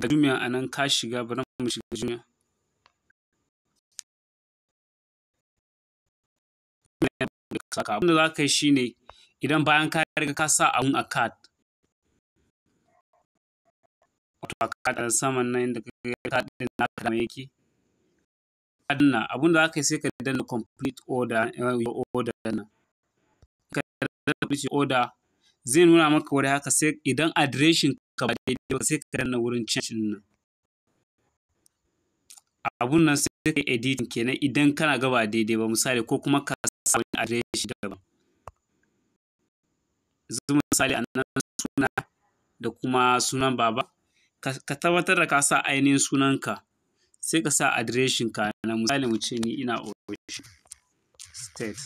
da Jumia a nan ka shiga bari mu shiga Jumia. Saka da za ka yi shi ne idan bayan ka riga ka sa abun a card. Wato a card a saman nan da ka yi na ɗin naka da yake. Danna abun da za ka yi sai ka danna complete order your eh, order nan. Ka danna complete order zai nuna maka wani haka sai idan adireshin ka ba daidai ba sai ka danna wurin cin nan abun nan sai ka editing kenan idan kana ga ba daidai ba misali ko kuma ka sa wani adireshi daban yanzu misali a nan suna da kuma sunan baba ka tabbatar da ka sa ainihin sunanka sai ka sa adireshin ka na misali mu ce ni ina ocean state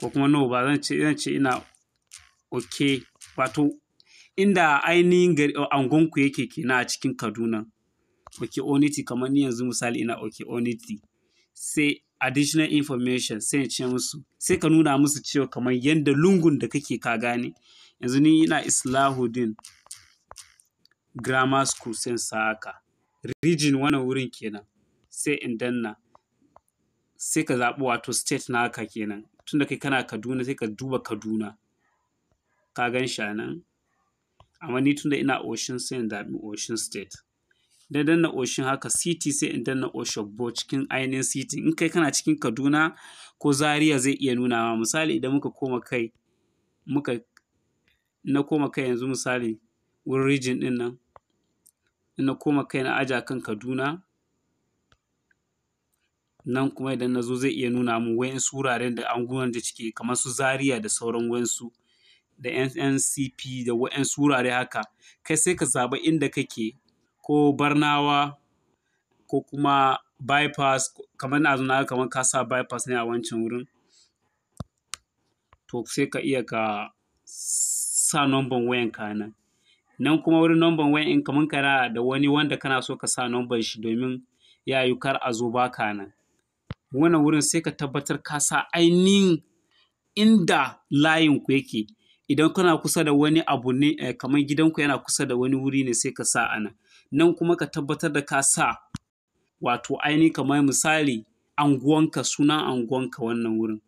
ko kuma no ba zan ce ina ok wato inda ainihin eh, angonku yake kenan a cikin Kaduna. Oke Oniti kamar ni yanzu misali ina Oke Oniti. Sai additional information sai ya ce musu sai ka nuna musu cewa kamar yadda lungun da kake ka gane yanzu ni ina islahudin grammar school sai sa haka region wannan wurin kenan sai in danna sai ka zaɓi wato state naka kenan tunda kai kana Kaduna sai ka duba Kaduna ka gan shi amma ni tunda ina Ocean sai in dami Ocean State da danna Ocean haka city sai in danna bo cikin ainihin city in kai kana cikin Kaduna ko Zaria zai iya nuna ma misali idan muka koma kai muka na koma kai yanzu misali wurin region din nan na koma kai na aja kan Kaduna nan kuma idan na zo zai iya nuna min wayansu wuraren da anguwan da cike kamar su Zaria da sauran su da NNCP da waɗansu wurare haka kai sai ka zaɓi inda kake ko barnawa ko kuma bypass kamar na zuna kamar ka sa bypass ne a wancan wurin to sai ka iya ka sa nomban wayan ka nan nan kuma wurin nomban wayan in kamar kana da wani wanda kana so ka sa nomban shi domin ya yi kar a zo baka nan wannan wurin sai ka tabbatar ka sa ainihin inda layin ku yake idan kana kusa da wani abu ne eh, kamar gidanku yana kusa da wani wuri ne sai ka sa a nan nan kuma ka tabbatar da ka sa wato aini kamar misali anguwanka sunan anguwanka wannan wurin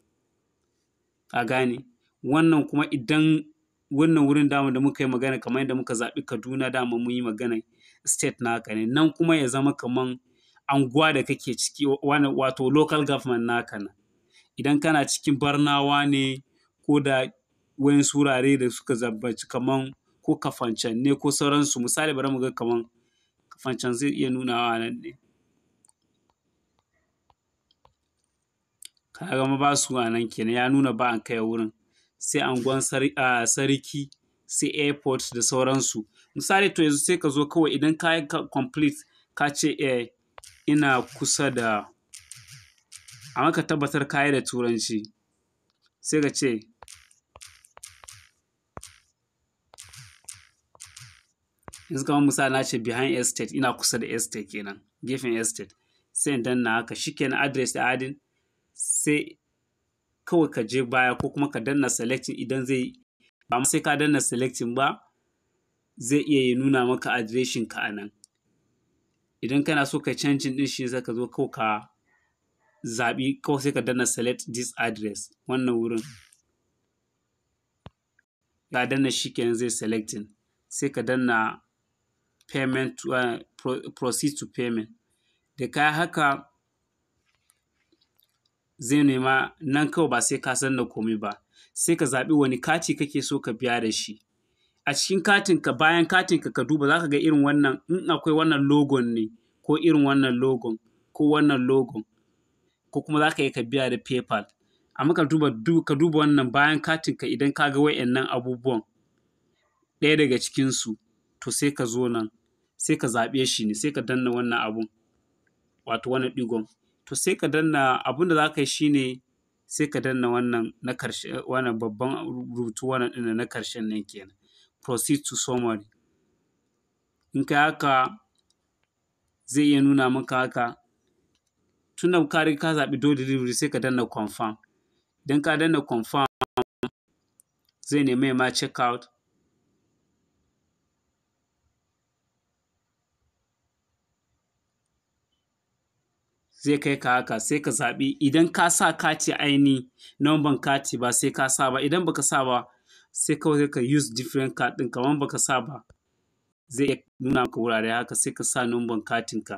a gane wannan kuma idan wannan wurin dama da muka yi magana kamar yadda muka zaɓi kaduna dama mun yi magana state naka ne nan kuma ya zama kamar anguwa da kake ciki wato local government naka na idan kana cikin barnawa ne ko da wayan surare da suka zabbaci kaman ko kafancan ne ko sauransu misali bari mu ga kaman kafancan zai iya nunawa nan ne Ka ma ba su nan kenan ya nuna ba an kai wurin sai anguwan sarki sai airport da sauransu misali to yanzu sai ka zo kawai idan ka yi complete ka ce eh ina kusa da amma ka tabbatar ka yi da turanci sai ka ce yanzu kamar misali na ce behind estate ina kusa da estate kenan gefen estate sai in danna haka shikenan address da adin sai kawai ka je baya ko kuma ka danna selecting idan zai ba sai ka danna selecting ba zai iya yi nuna maka adireshin ka a nan idan kana so ka cancin din shi sai ka zo kawai ka zaɓi kawai sai ka danna select this address wannan wurin ka danna shi kenan zai selecting sai ka danna payment uh, proceed to payment da ka haka zai nema nan kawai ba sai ka san da komai ba sai ka zaɓi wani kati kake so ka biya da shi a cikin katin ka bayan katin ka ka duba za ka ga irin wannan in akwai wannan logon ne ko irin wannan logon ko wannan logon ko kuma za ka yi ka biya da paypal amma ka duba ka duba wannan bayan katin ka idan ka ga wayannan abubuwan ɗaya daga cikinsu to sai ka zo nan sai ka zaɓe shi ne sai ka danna wannan abun wato wannan digon to sai ka danna abun da za ka yi shi ne, sai ka danna wannan na karshe wannan babban rubutu wannan ɗin na karshen nan kenan proceed to summary in ka haka zai iya nuna maka haka tun da ka ka zaɓi do delivery sai ka danna confirm idan ka danna confirm zai nemi ma check out zai kai ka haka sai ka zaɓi idan ka sa kati aini ban kati ba sai ka sa ba idan baka sa ba sai kawai ka use different card ɗin kamar baka sa ba zai nuna maka wurare haka sai ka sa namban katin ka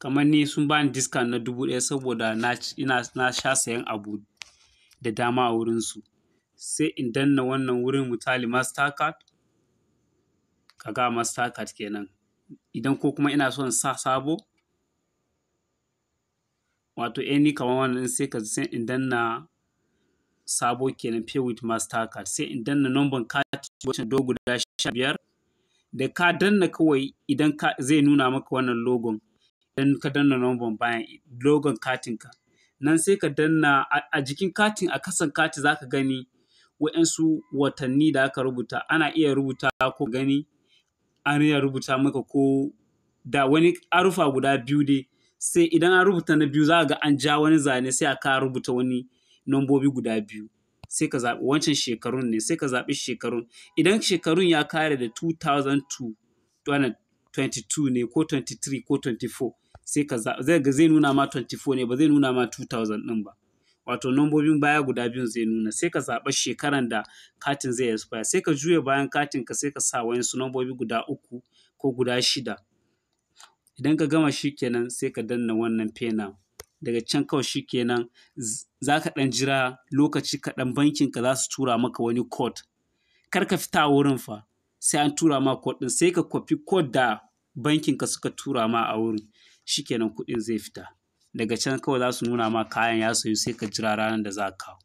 kamar ni sun bani discount na dubu ɗaya saboda na sha sayan abu da dama a wurinsu sai in danna wannan wurin mutali mastercard ka ga mastercard kenan idan ko kuma ina son sa sabo wato any eh, kamar wannan sai ka sai in danna sabo kenan pay with mastercard sai in danna number card wacce dogo guda sha biyar da ka danna kawai idan ka zai nuna maka wannan logon idan ka danna number bayan logon katin ka nan sai ka danna a jikin katin a kasan kati zaka gani wa'yansu watanni da aka rubuta ana iya rubuta ko gani an riya rubuta maka ko da wani arufa guda biyu dai sai idan an rubuta na biyu za ga an ja wani zane sai a ka rubuta wani nambobi guda biyu sai ka zaɓi wancan shekarun ne sai ka zaɓi shekarun idan shekarun ya kare da 2002 22 ne ko 23 ko 24 sai ka zai nuna ma 24 ne ba zai nuna ma 2000 ɗin ba wato nombobin baya guda biyun zai nuna sai ka zaɓa shekaran da katin zai expire sai ka juya bayan katin ka sai ka sa wayansu nombobi guda uku ko guda shida idan ka gama shikenan sai ka danna wannan fena daga can kawai shikenan za ka ɗan jira lokaci kaɗan bankin ka za su tura maka wani code kar ka fita a wurin fa sai an tura ma code ɗin sai ka kwafi code da bankin ka suka tura ma a wurin shikenan kuɗin zai fita daga can kawai za su nuna ma kayan ya sayu sai ka jira ranar da za ka kawo